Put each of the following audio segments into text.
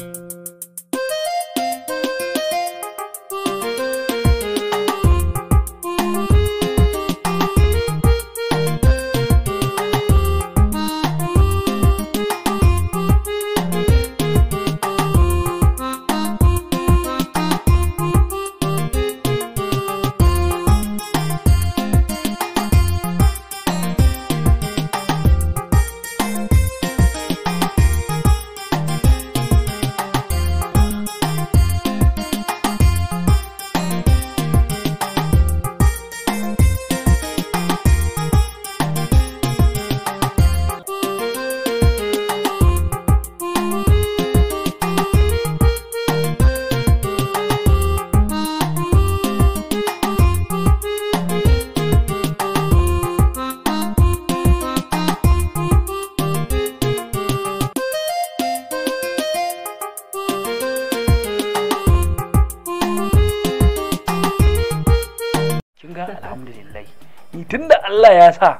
Thank you. Allah ya sa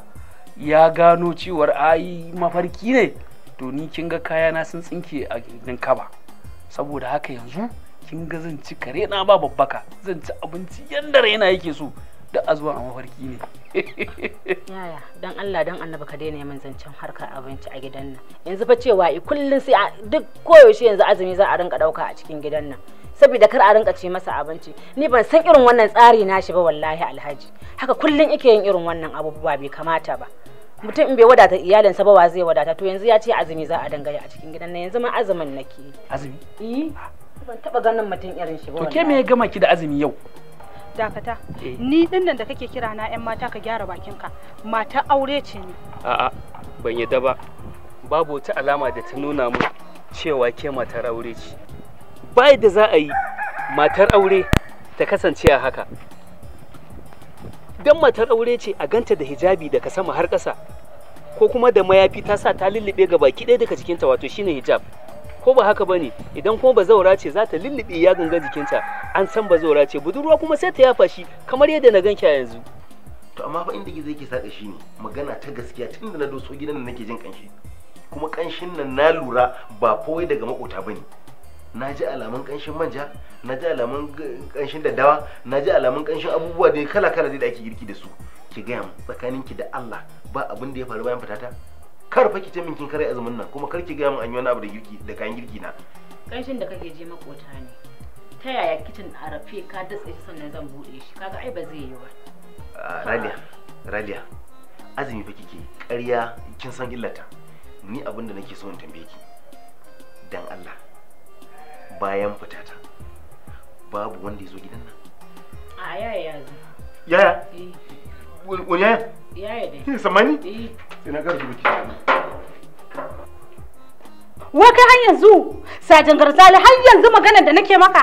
ya gano cewar ai mafarki ne to ni kin ga kayana sun tsinke a gindin kaba saboda haka yanzu kin ga zan ci kare na ba babbaka zan ci abinci yanda raina yake so duk a zuwa a mafarki ne yaya don Allah don annaba ka daina yamin zancen harkar abinci a gidan nan yanzu fa cewa i kullun sai duk koyaushe yanzu azumi za a rinka dauka a cikin gidan nan saboda kar a rinka ce masa abinci ni ban san irin wannan tsari na shi ba wallahi alhaji haka kullun ike yin irin wannan abubuwa bai kamata ba mutum in bai wadata sa ba wa zai wadata to yanzu ya ce azumi za a dangane a cikin gidan nan yanzu ma azumin nake azumi eh ah. ban taba ganin mutum irin shi ba to ke me ya gama ki da azumi yau dakata eh. ni din nan da kake kira na yan mata ka gyara bakinka mata aure ce ni a'a ban yadda ba babu wata alama da ta nuna mu cewa ke matar aure ce ba da za a yi matar aure ta kasance a haka dan matar aure ce a ganta da hijabi daga sama har ƙasa ko kuma da mayafi ta sa ta lullube ga baki ɗaya daga jikinta wato shine hijab ko ba haka bane idan kuma bazaura ce za ta lullube ya ganga jikinta an san bazaura ce budurwa kuma sai ta yafa shi kamar yadda na ganki a yanzu to amma fa inda zai ke saka shi ne magana ta gaskiya tunda na doso gidan da nake jin kanshi kuma kanshin nan na lura ba kowai daga makota bane na ji alamun kanshin manja na ji alamun kanshin daddawa na ji alamun kanshin abubuwa da kala kala da ake girki da su ki gaya tsakanin tsakaninki da Allah ba abin da ya faru bayan fitata kar fa ki ce min kin kare azumin nan kuma kar ki ga min an yi wani abu da girki da kayan girki na kanshin da kake je makota ne ta yaya kicin a rafe ka datse shi sannan zan bude shi kaga ai ba zai yi ba Raliya Raliya azumi fa kike ƙarya kin san illata ni abin da nake so in tambaye ki dan Allah bayan fitata babu wanda ya zo gidan nan a yaya ya zo yaya eh. wani yaya yaya dai ina wa kai har yanzu sajan garzali har yanzu maganar da nake maka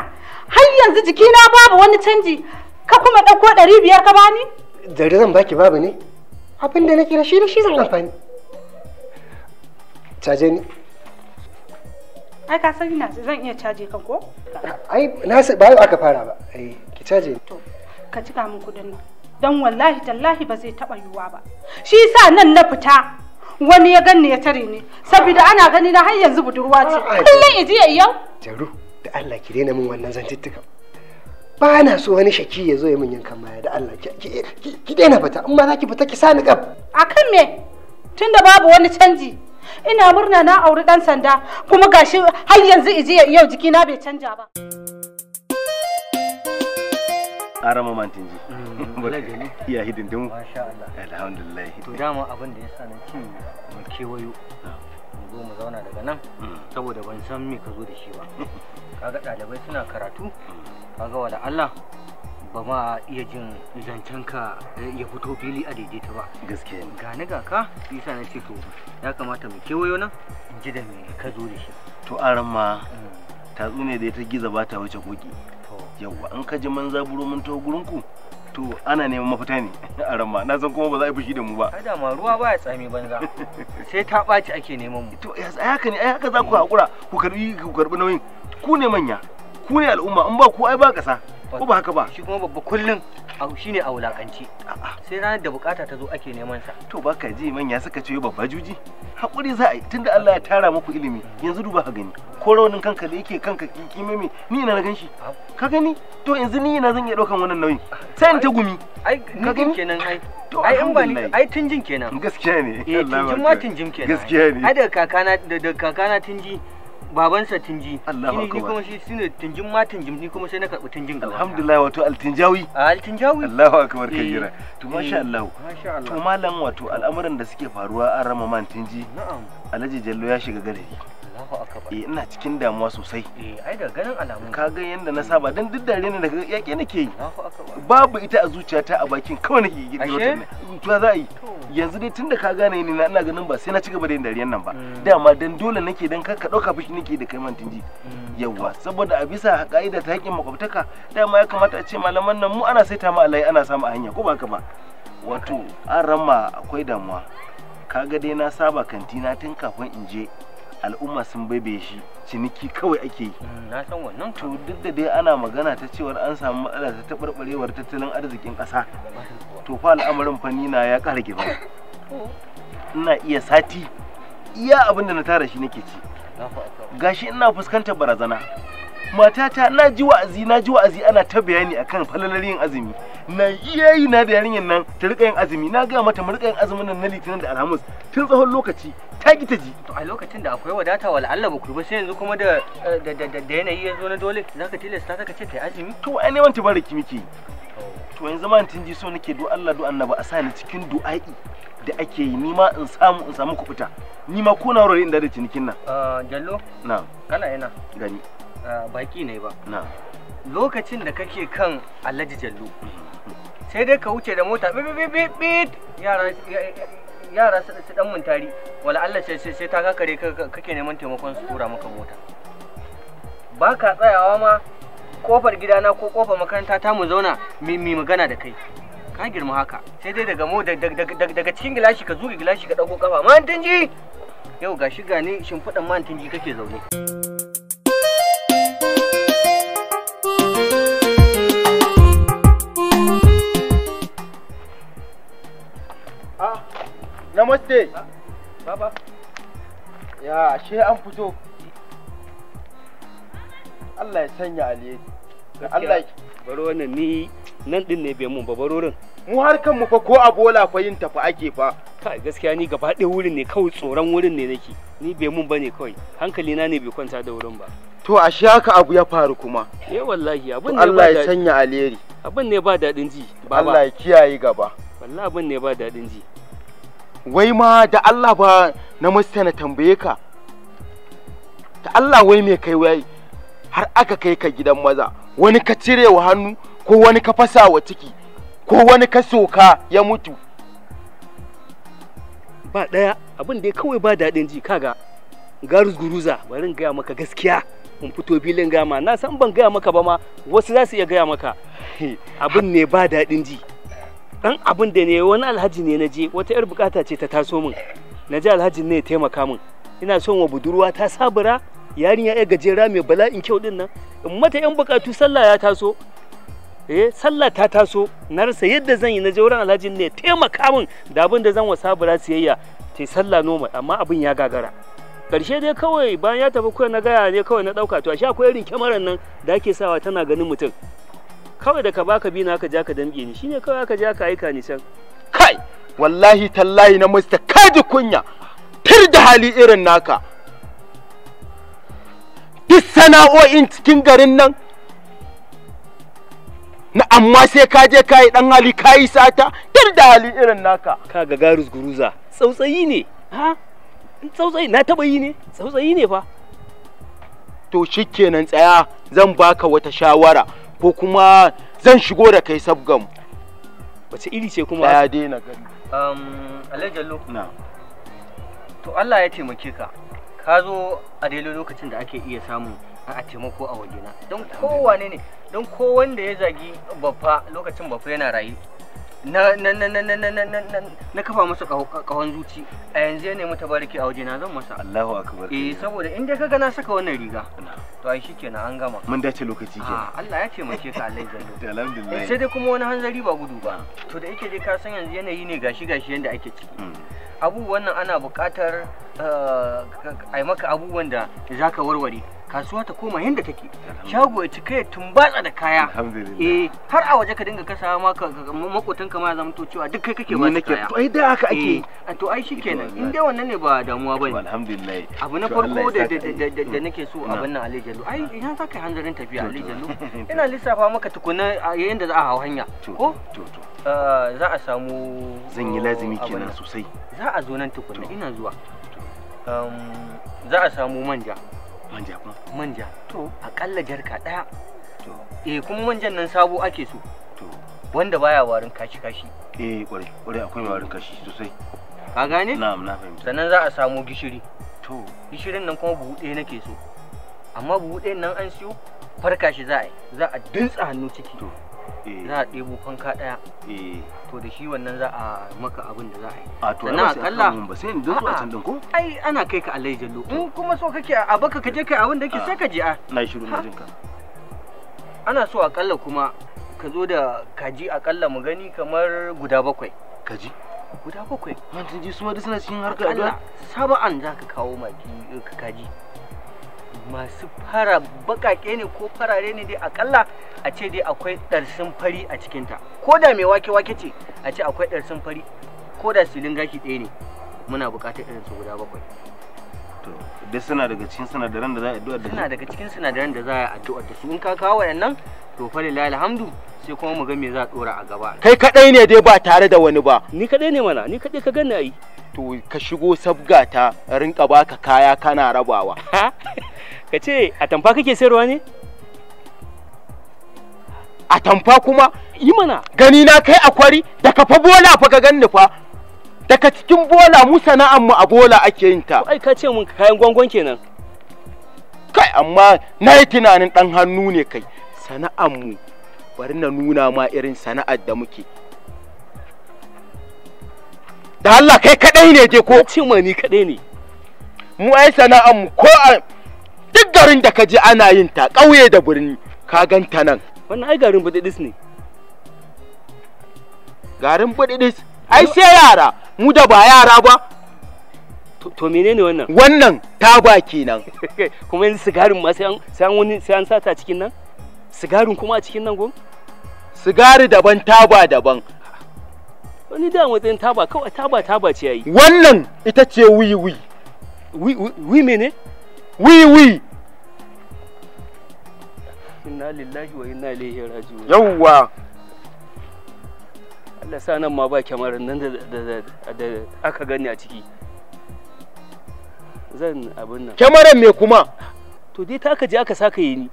har yanzu jikina babu wani canji ka kuma ɗauko ɗari biyar ka bani zari zan baki babu ne abin da nake da shi da shi zan amfani caje ni ai ka san na zan iya caje kan ko ai na ba aka fara ba ai ki caje ni to ka cika min kuɗin nan don wallahi tallahi ba zai taɓa yiwuwa ba shi sa nan na fita wani ya ganni ya tare ni saboda ana gani na har yanzu budurwa ce kullum iji ya yau jaru da Allah ki daina min wannan zantuttuka ba na so wani shaki ya zo ya min yankan baya da Allah ki daina fita in ma za ki fita ki sani gab akan me tunda babu wani canji ina murna na auri dan sanda kuma gashi har yanzu iji yau jikina bai canja ba ma mantin mm, ji iya hidindimu alhamdulillah to dama abin da ya sa na ci mu kewayo zo mu zauna daga nan mm. saboda ban san me ka zo da shi ba kaga ɗalibai suna karatu mm. kaga wala Allah ba ma iya jin zancen ka ya fito fili a daidaita ba gaskiya ga ni ga ka isa na ce to ya kamata mu kewayo nan in ji da me ka zo da shi to aran ma tatsu ne da ta giza ba ta wuce koki yawwa an ka ji mun zaburo mun taho gurin ku to ana neman mafita ne a ramma na san kuma ba za a yi fushi da mu ba ai da ma ruwa baya tsami banza sai ta ɓaci ake neman mu to ya haka ne ai haka za ku haƙura ku karbi ku karbi nauyin ku ne manya ku ne al'umma in ba ku ai ba ƙasa ko ba haka ba shi kuma babba kullum shi ne a wulakanci sai ranar da bukata ta zo ake neman sa to ba ka ji manya suka ce babba juji haƙuri za a yi tunda Allah ya tara muku ilimi yanzu duba ka gani ko rawanin kanka da yake kanka kiki mimi ni na gan shi ka gani to yanzu ni ina zan iya daukan wannan nauyin sai in ta gumi ai ka gani kenan ai to ai in ba ni ai tunjin kenan gaskiya ne eh tunjin ma tunjin kenan gaskiya ne ai daga kakana daga kakana tunji babansa tunji ni kuma shi shine tunjin ma tunjin ni kuma sai na karbi tunjin gaba alhamdulillah wato altinjawi altinjawi Allahu akbar eh. jira to eh, masha Allah masha Allah to malam wato al'amuran da suke faruwa an rama man tunji na'am alhaji jallo ya shiga gare ni haka ba eh ina cikin damuwa sosai eh ai da ganin alamu ka ga yanda na saba dan duk dare ne daga yake nake yi babu ita a zuciyata a bakin kawai nake yi to za a yi yanzu dai tunda ka gane ni na ina ganin ba sai na cigaba da yin dariyan nan ba mm. dama dan dole nake dan kar ka dauka fushi nake da kai mantin mm. yawwa saboda a bisa ka'ida ta haƙƙin makwabtaka dama ya kamata a ce malaman nan mu ana saita mu alai ana samu a hanya ko ba haka ba wato an rama akwai damuwa kaga dai na saba kantina tun kafin in je al'umma sun baibaye shi ciniki kawai ake yi mm, na san wannan to duk da dai ana magana ta cewar an samu matsala ta taɓarɓarewar tattalin arzikin ƙasa to fa al'amarin fani na ya ƙara gaba ina iya sati iya abin da na tara shi nake ci gashi ina fuskantar barazana matata na ji wa'azi na ji wa'azi ana ta bayani akan falalar yin azumi na iya yi na da yarinyar nan ta rika yin azumi na ga mata mu rika yin azumin nan na litinin da alhamis tun tsawon lokaci ta ki ta ji to a lokacin da akwai wadata wal Allah ba ku ba sai yanzu kuma eh, da da da yanayi ya zo na dole zaka tilasta zaka ce kai azumi to ai neman tabariki muke to yanzu ma tun ji so nake do Allah do annabi a sani cikin du'a'i da ake yi ni ma in samu in samu kubuta nima ko na wurare inda da cinikin nan ah, jallo na'am kana ina gani ah, baki ne ba na'am lokacin da kake kan Alhaji Jallo mhm. sai dai ka wuce da mota bi bi bi bi yara yara su su dan muntari wala Allah sai sai ta kare kake neman taimakon su tura maka mota ba ka tsayawa ma kofar gidana ko kofar makaranta ta mu zauna mi magana da kai ka girma haka sai dai daga mu daga cikin gilashi ka zuge gilashi ka ɗauko kafa man tunji yau gashi ne shimfiɗan man tunji kake zaune namaste. Baba. Ya, ashe an fito. Allah ya sanya alheri. Allah Baro wannan ni nan din ne bai mun ba barorin. Mu har kanmu fa ko a bola fa yin tafi ake fa. Kai gaskiya ni gaba ɗaya wurin ne kawai tsoron wurin ne nake. Ni bai mun bane kawai. Hankali na ne bai kwanta da wurin ba. To ashe haka abu ya faru kuma. Eh wallahi abin ne Allah ya sanya alheri. Abin ne ba daɗin ji. Allah ya kiyaye gaba. Wallahi abin ne ba daɗin ji. wai ma da Allah ba na musta na tambaye ka ta Allah wai mai kai wai har aka kai ka gidan maza wani ka cire wa hannu ko wani ka fasa wa ciki ko wani ka soka ya mutu ba ɗaya abin da kawai ba daɗin ji kaga garus guruza bari gaya maka gaskiya in fito filin gama na san ban gaya maka ba ma wasu za su iya gaya maka abin ne ba daɗin ji dan abin da ne wani alhaji ne na je wata yar bukata ce ta taso min na ji alhaji ne ya taimaka min ina son wa budurwa ta sabura yarinya ya gajera mai bala'in kyau din nan in mata yan bukatu sallah ya taso eh sallah ta taso na rasa yadda zan yi na je wurin alhaji ne ya taimaka min da abin da zan wa sabura siyayya ce sallah noma amma abin ya gagara karshe dai kawai bayan ya tafi kuwa na gaya ne kawai na dauka to ashe akwai irin kyamarar nan da ake sawa tana ganin mutum kawai da ka baka bi na ka ja ka damƙe ni shine kawai aka ja ka aika ni can kai wallahi tallahi na mista kaji kunya fir da hali irin naka duk sana'o'in cikin garin nan na amma sai ka je ka yi dan hali ka yi sata fir da hali irin naka ka ga garus guruza tsautsayi ne ha tsautsayi na taba yi ne tsautsayi ne fa to shikenan tsaya zan baka wata shawara ko kuma zan shigo da kai sabgam wace iri ce kuma ya daina gani um, to Allah ya taimake ka ka zo a daidai lokacin da ake iya samun a taimako a wajena don kowane ne don ko wanda ya zagi baffa lokacin baffa yana rayu na kafa masa kawon zuci a yanzu ya nemi tabariki a waje na zan masa Allahu akbar eh saboda in dai kaga na saka wannan riga to ai shikenan an gama mun dace lokaci kenan ah, Allah ya taimake ka Allah ya alhamdulillah eh, sai dai kuma wani hanzari ba gudu ba to da yake dai ka san yanzu yanayi ne gashi gashi yanda ake ciki mm. abubuwan nan ana buƙatar eh, a maka abubuwan da zaka warware kasuwa ta koma yadda take shago ya cika ya tumbatsa da kaya eh har a waje ka dinga kasa ma ka makotan ka ma zama to cewa duk kai kake ba nake to ai da haka ake a eh, to ai shikenan in dai wannan ne ba damuwa bane alhamdulillah abu na farko da da mm. nake so abin nan Ali Jallo ai idan za ka hanzarin tafiya Ali Jallo ina lissafa maka tukuna yayin da za a hau hanya ko to to eh, za a samu zan yi lazimi eh, kenan sosai za a zo nan tukuna ina zuwa um, za a samu manja manja kuma manja to akalla jarka daya to eh kuma manjan nan sabo ake so to wanda baya warin kashi kashi eh kwarai kwarai akwai warin kashi sosai ka gane na'am na fahimta sannan za a samu gishiri to gishirin nan kuma buhu ɗaya nake so amma buhu ɗayan nan an siyo farka shi za a yi za a dintsa hannu ciki to Eh. za a ɗebo fanka ɗaya eh. to da shi wannan za a maka abin da za a yi a to na akalla ba sai in a can din ko ai ana kai ka alai jallo in kuma so kake a baka ka je kai abin da yake ah. sai ka je a ah. na shiru na jinka ana so a kalla kuma ka zo da kaji a kalla mu gani kamar guda bakwai kaji guda bakwai man sun ji su ma suna cikin harkar adon. saba'an za ka kawo maki eh, ka kaji masu fara bakake ne ko farare ne dai akalla a ce dai akwai ɗarsin fari a cikinta ko da mai wake-wake ce a ce akwai ɗarsin fari ko da silin gashi ɗaya ne muna buƙatar irin su guda bakwai to duk suna daga cikin sinadaran da za a addu'a da suna daga cikin sinadaran da za a addu'a da su in ka kawo waɗannan to fa lillahi alhamdu sai kuma mu ga me za a dora a gaba kai kadai ne dai ba tare da wani ba ni kadai ne mana ni kadai ka ganni ai to ka shigo sabga ta rinka baka kaya kana rabawa ka ce a tamfa kake sayarwa ne a tamfa kuma yi mana gani na kai a kwari daga fa bola fa ka fa daga cikin bola mu sana'an mu a bola ake yin ta ai ka ce mun kayan ke kenan kai amma na yi tunanin dan hannu ne kai sana'an mu bari na nuna ma irin sana'ar da muke da Allah kai kadai ne je ko ce ma ni kadai ne mu ai sana'an mu ko a garin da ka je ana yin ta ƙauye da birni ka ganta nan wannan ai garin budidis ne garin budidis ai sai yara mu da ba yara ba to menene wannan wannan taba kenan kuma yanzu sigarin ma sai an wani sai an sata cikin nan sigarin kuma a cikin nan gom sigari daban taba daban wani da matsayin taba kawai taba taba ce yayi wannan ita ce wiwi wi wiwi mene wiwi inna lillahi wa inna ilaihi raji'un yawwa Allah sa nan ma ba kyamarin nan da aka gani a ciki zan abin nan kyamarin me kuma to dai ta aka je aka saka yi ni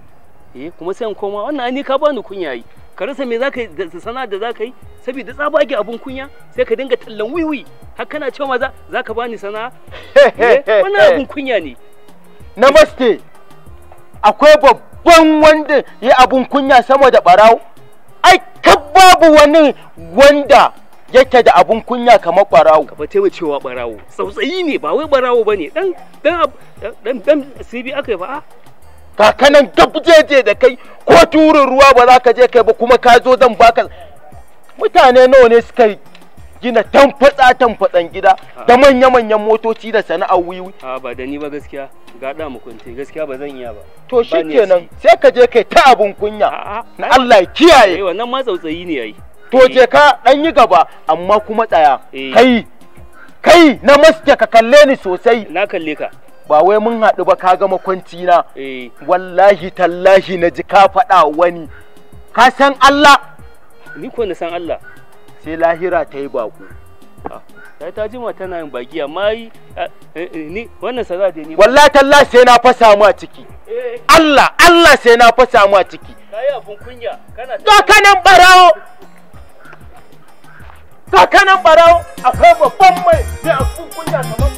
eh kuma sai koma wannan ani ka bani kunya yi ka rasa me zaka da sana da zaka yi saboda tsabage abun kunya sai ka dinga tallan wiwi har kana cewa ma zaka bani sana eh, wannan abun kunya ne namaste akwai babba babban wanda ya abun kunya sama da ɓarawo ai babu wani wanda yake da abun kunya kamar barawo ka fate cewa barawo sautsayi ne ba wai barawo bane dan dan dan dan sibi aka yi fa'a ah. kakanan gabjeje da kai ko turin ruwa ba za ka je kai ba kuma ka zo zan baka mutane nawa ne suka yi gina tamfatsa tanfatsan gida ah. da manya-manyan motoci da sana'ar wiwi. A ba da ni ba gaskiya ga da gaskiya ba zan iya ba. To shi kenan sai ka je kai ta abun kunya na Allah ya kiyaye. Eh wannan ma tsautsayi ne yayi. To eh. je ka dan yi gaba amma kuma tsaya. Eh. Kai kai na maske ka kalle ni sosai. Na kalle ka. ba wai mun haɗu ba ka gama kwanci na eh. wallahi tallahi na ji ka faɗa wani ka san Allah ni ko na san Allah sai lahira ta yi baƙo sai ah. ta jima tana yin baki amma eh, eh, eh, ni wannan sa za da ni wallahi talla sai na fasa mu a ciki Allah Allah sai na fasa mu a ciki kai abun kunya kana to kanan barawo to kanan barawo akwai babban mai sai abun kunya kamar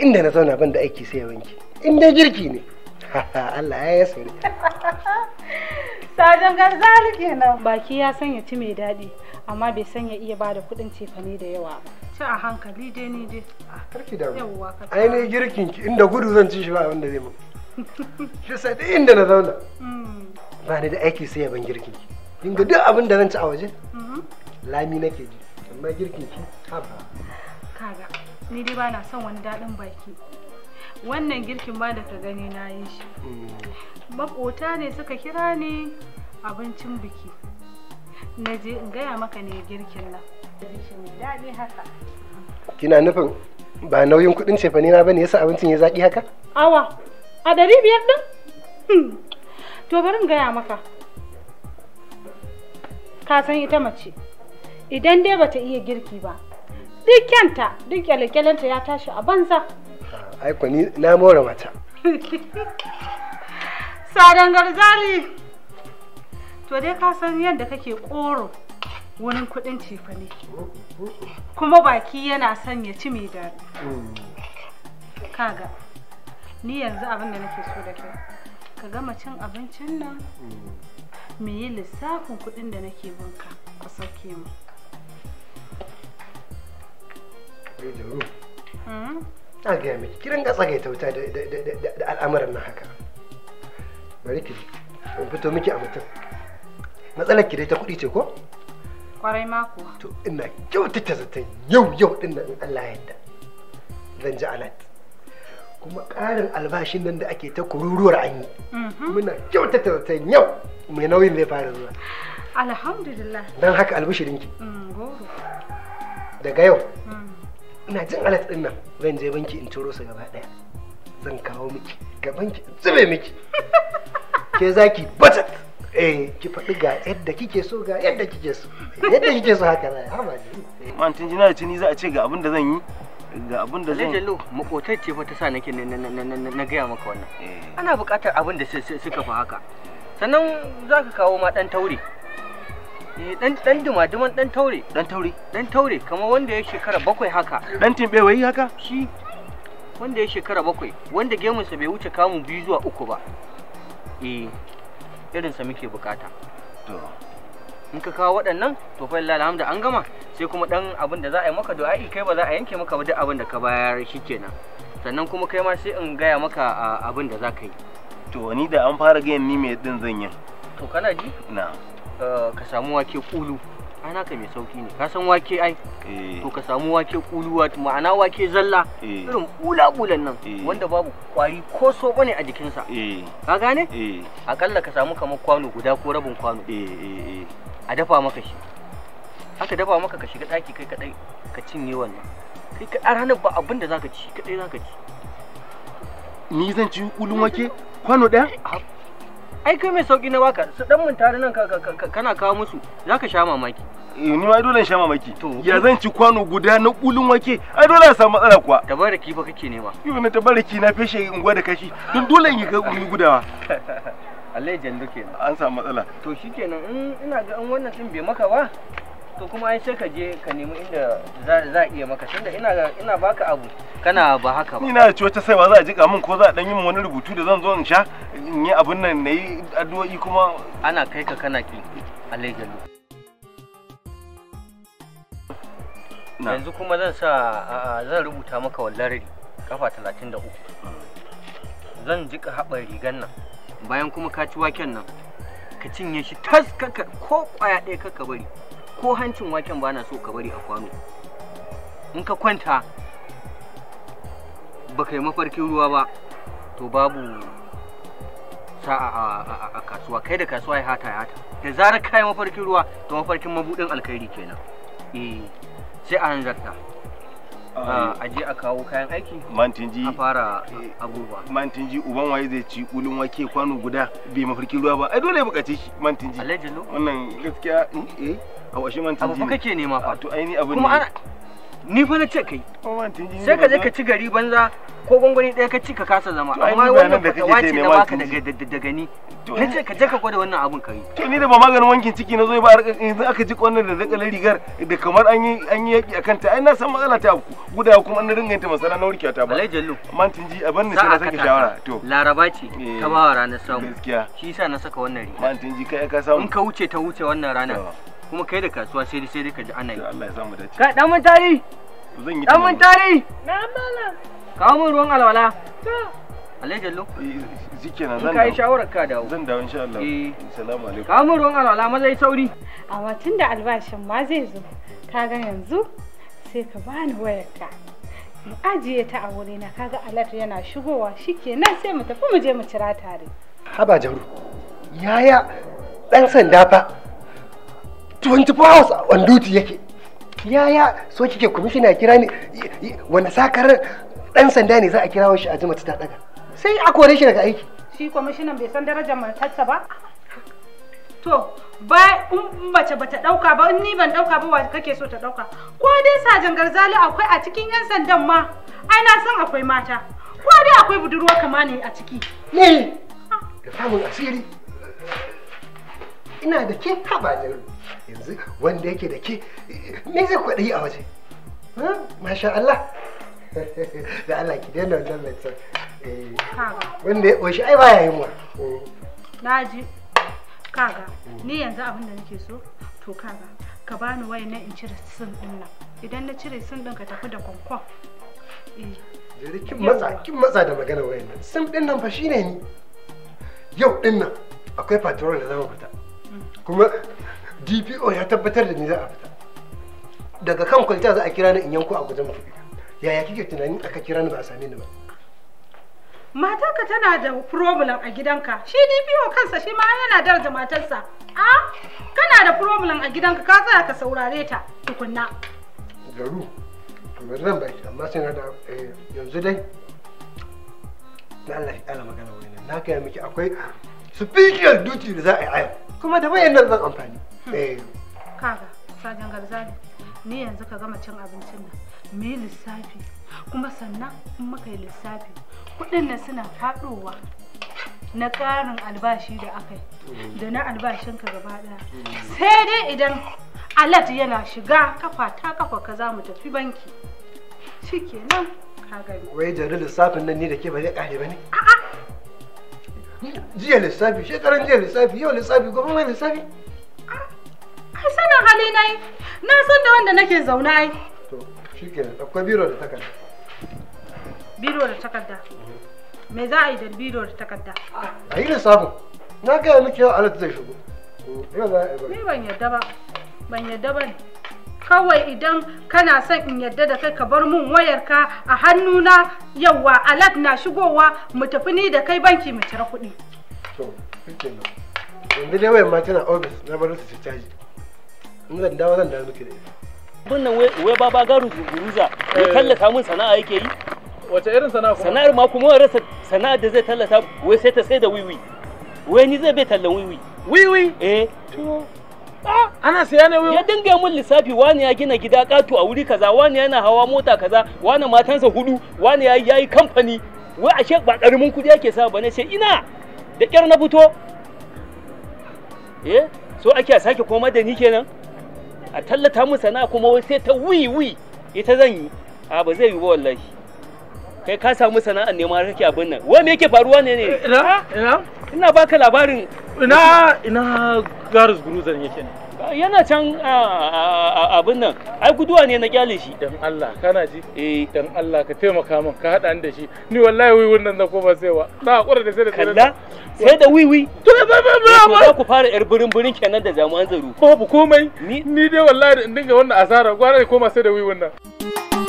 inda na zauna ban da aiki sai wanki in dai girki ne Allah ya yi sauri sajan garzali kenan baki ya sanya ci mai daɗi amma bai sanya iya ba da kuɗin cefane da yawa ba ci a hankali dai ni dai ah, karki da ai ne girkin ki inda gudu zan ci shi ba wanda zai mu shi sai dai inda na zauna mm. ba ni da aiki sai ban girkin ki kin ga duk abin da zan ci a waje mm-hmm. lami nake ji amma girkin ki haba ni dai ba na son wani daɗin baki wannan girkin ba da ka gani na yi shi mm. makota ne suka kira ni abincin biki na je in gaya maka ne girkin nan daɗi haka kina nufin ba nauyin kuɗin cefane na bane yasa abincin ya zaƙi haka awa a ɗari biyar ɗin hmm. to bari in gaya maka ka san ita mace idan dai bata iya girki ba duk duk kyalekyalenta ya tashi a banza ah, ai ku ni na more mata sadan garzali to dai ka san yadda kake koro wurin kudin cefane kuma baki yana son ya ci mai daɗi kaga ni yanzu abin da nake so da kai ka gama cin abincin nan me mm. yi lissafin kudin da nake bunka ka sauke mu Wai da ru. Hm? Na gaya miki kiran ga tsagaita wuta da al'amuran nan haka. Bari ki in fito miki a mutum. Matsalar ki dai ta kuɗi ce ko? Kwarai mako. To ina kyautata zaton yau yau ɗin nan in Allah ya yarda. Zan ji alat. kuma ƙarin albashin nan da ake ta kururuwar an yi mhm. muna kyautata zaton yau mai nauyin zai fara zuwa alhamdulillah don haka Da mm, daga yau mm. ina jin alat din nan zan je banki in ciro su gaba daya zan kawo miki banki in zube miki ke zaki bata eh ki faɗi ga yadda kike so ga yadda kike so yadda kike so haka zai har ba ji man tun jina ni za a ce ga abin da zan yi ga abin da zan yi jallo makotar ce fa ta sa nake na gaya maka wannan eh. ana buƙatar abin da suka fa haka sannan za ka kawo ma ɗan taure Eh dan dan dumaduman dan taure. Dan taure. Dan taure kamar wanda ya shekara bakwai haka. Dan timbewai haka? Shi wanda ya shekara bakwai wanda gemunsa bai wuce kamun biyu zuwa uku ba. Eh irinsa muke bukata. To in ka kawo waɗannan to fa lillahi alhamdu an gama sai kuma dan abin da za a yi maka du'a'i kai ba za a yanke maka ba duk abin da ka bayar shikenan. Sannan kuma kai ma sai in gaya maka abin da za ka yi. To ni da an fara gayan ni me din zan yi. To kana ji? Na'am. Eh, ka samu wake kulu ana ka mai sauki ne ka san wake ai eh. to ka samu wake kulu wato ma'ana wake zalla eh. irin kula kulan nan wanda babu kwari ko so bane a jikin sa ka gane akalla ka samu kamar kwano guda ko rabin kwano a dafa maka shi aka dafa maka ka shiga daki kai kadai ka cinye wannan kai ka a ranar ba abin da zaka ci kadai zaka ci ni zan ci kulun wake kwano daya ai kai mai sauki na baka su dan mun tare nan kana kawo musu ka sha mamaki eh, ni ma dole sha mamaki ya zan ci kwano guda na kulun wake ai dole a samu matsala kuwa tabaraki fa kake nema yau na tabaraki na feshe unguwa da kashi don dole in yi gudawa Allah ya jando kenan an samu matsala to shikenan in ina ga an wannan din bai maka ba to kuma ai sai ka je ka nemi inda za za iya maka tunda ina ina baka abu kana ba haka ba ni na ci wata ba za a jika min ko za a dan yi min wani rubutu da zan zo in sha in yi abun nan yi addu'o'i kuma ana kai ka kana ki alai yanzu kuma zan sa zan rubuta maka wallari kafa talatin zan jika haɓar rigan nan bayan kuma ka ci waken nan ka cinye shi tas ko kwaya ɗaya kaka bari ko hancin waken ba na so ka bari a kwano in ka kwanta ba ka yi mafarkin ruwa ba to babu sa'a a kasuwa kai da kasuwa ya hata ya hata da zarar yi mafarkin ruwa to mafarkin mabudin alkhairi kenan eh sai a hanzarta ah, a je a kawo kayan aiki mantinji a fara eh, abubuwa mantinji uban waye zai ci kulun wake kwano guda bai mafarkin ruwa ba ai dole ya bukace shi mantinji alhaji wannan gaskiya eh a washi man tinji abu kake nema fa to aini abu kuma ana ni fa na ce kai sai ka je ka ci gari banza ko gwangwani ɗaya ka ci ka kasa zama amma wannan fatawa ce na baka daga daga ni na ce ka je ka gwada wannan abun kai to ni da ba maganin wankin ciki na zo ba yanzu aka ji wannan da dakalin rigar da kamar an yi an yi yaki akan ta ai na san matsala ta guda kuma na ringa yanta masana na warkiya ta ba alai jallu amma tinji a bar ni sai na saka shawara to laraba ce eh. ta ba ranar samu gaskiya shi yasa na saka wannan riga amma tinji kai ka samu in ka wuce ta wuce wannan ranar kuma kai da kasuwa sai sai dai ka ji ana yi Allah ya samu dace kai dan mun tari zan yi dan mun tari na mala. kawo mun ruwan alwala to Alai Jallo eh, na zan kai shawara ka dawo zan dawo insha Allah eh assalamu alaikum kawo mun ruwan alwala maza yi sauri amma tunda albashin ma zai zo ka ga yanzu sai ka bani wayarka mu ajiye ta a wuri na kaga alat yana shigowa shikenan sai mu tafi mu je mu cira tare haba Jauro. yaya dan sanda fa 24 hours on duty yake ya so kike kwamishina kira ni wani sakar dan sanda ne za a kira shi a jima ta daga sai a kore shi daga aiki shi kwamishinan bai san darajar matarsa ba to ba in mace ta dauka ba in ni ban dauka ba wa kake so ta dauka ko dai sajan garzali akwai a cikin yan sandan ma ai na san akwai mata ko dai akwai budurwa kama ne a ciki ne da samun asiri ina da ke haba da yanzu wanda yake da ke me zai yi a waje masha Allah da Allah ki daina wannan mai tsar eh, wanda ya ƙoshi ai baya yi mu eh. naji kaga ni yanzu abin da nake so to kaga ka bani wai na in cire sun din nan idan na cire sun din ka tafi da kwankwan eh. jere kin matsa kin matsa da magana wayannan. sun din nan fa shine ni yau din nan akwai patrol da zama fita kuma dpo ya tabbatar da ni za a fita daga kan kwalita za a kira ni in yanko a guje mafi yaya kike tunani aka kira ni ba a same ni ba matarka tana da problem a gidanka shi dpo kansa shi ma yana daraja matarsa a kana da problem a gidanka ka tsaya ka saurare ta tukunna garu kamar zan baki amma sai na da eh, yanzu dai na Allah ya magana wani na kai miki akwai special duty da za a yi ayyuka kuma da wayannan zan amfani hmm. eh. kaga sajan garzali ni yanzu ka gama cin abincin nan me lissafi kuma sannan in muka yi lissafi kuɗin nan suna faɗowa na ƙarin albashi da aka yi hmm. da na albashin ka gaba ɗaya hmm. sai dai idan alat yana shiga kafa ta kafa ka za mu tafi banki shikenan ka gani wai jarin lissafin nan ni da ke ba zai ƙare ba ne a'a jiya lissafi shekaran jiya lissafi yau lissafi gobe mai lissafi ai sanin hali na yi na san da wanda nake zaune ai to shi ke shikenan akwai biro da takarda biro da takarda me za a yi da biro da takarda a yi lissafi na gaya miki yau alat zai shigo me ban yadda ba ban yadda ba ne kawai idan kana son in yadda da kai ka bar mun wayarka a hannuna yawa alak na shigowa mu tafi ni da kai banki mu cira kuɗi. To, yanzu dai wayar ma tana ofis na bar su caji. In zan dawo zan dawo miki da ita. Bunnan wai baba garu guruza ya eh. tallata min sana'a yake yi. Wace irin sana'a kuma? Sana'ar ma kuma rasa sana'ar da zai tallata wai sai ta sai da wiwi. Wai ni zai bai tallan wiwi. Wiwi? Eh. ana saya ne ya dinga mun lissafi wani ya gina gida katu a wuri kaza wani yana hawa mota kaza wani matansa hudu wani ya yi kamfani wai ashe ba karamin kudi yake sa ba ne sai ina da kyar na fito eh so ake a sake koma da ni kenan a tallata mu sana kuma wai sai ta wi wi ita zan yi a ba zai yi ba wallahi kai ka samu sana'ar nema kake abin nan wai me yake faruwa ne ne ina ina baka labarin ina ina garus gruzan yake ne yana can abin nan ai guduwa ne na kyale shi dan Allah kana ji eh dan Allah ka taimaka min ka hada da shi ni wallahi wiwi nan na koma saiwa na hakura da sai da kalla sai da wiwi to ba ba ba ba eh, ku fara yar birin birin kenan da jami'an tsaro babu komai ni dai wallahi in dinga wannan asara gwara koma sai da wiwi nan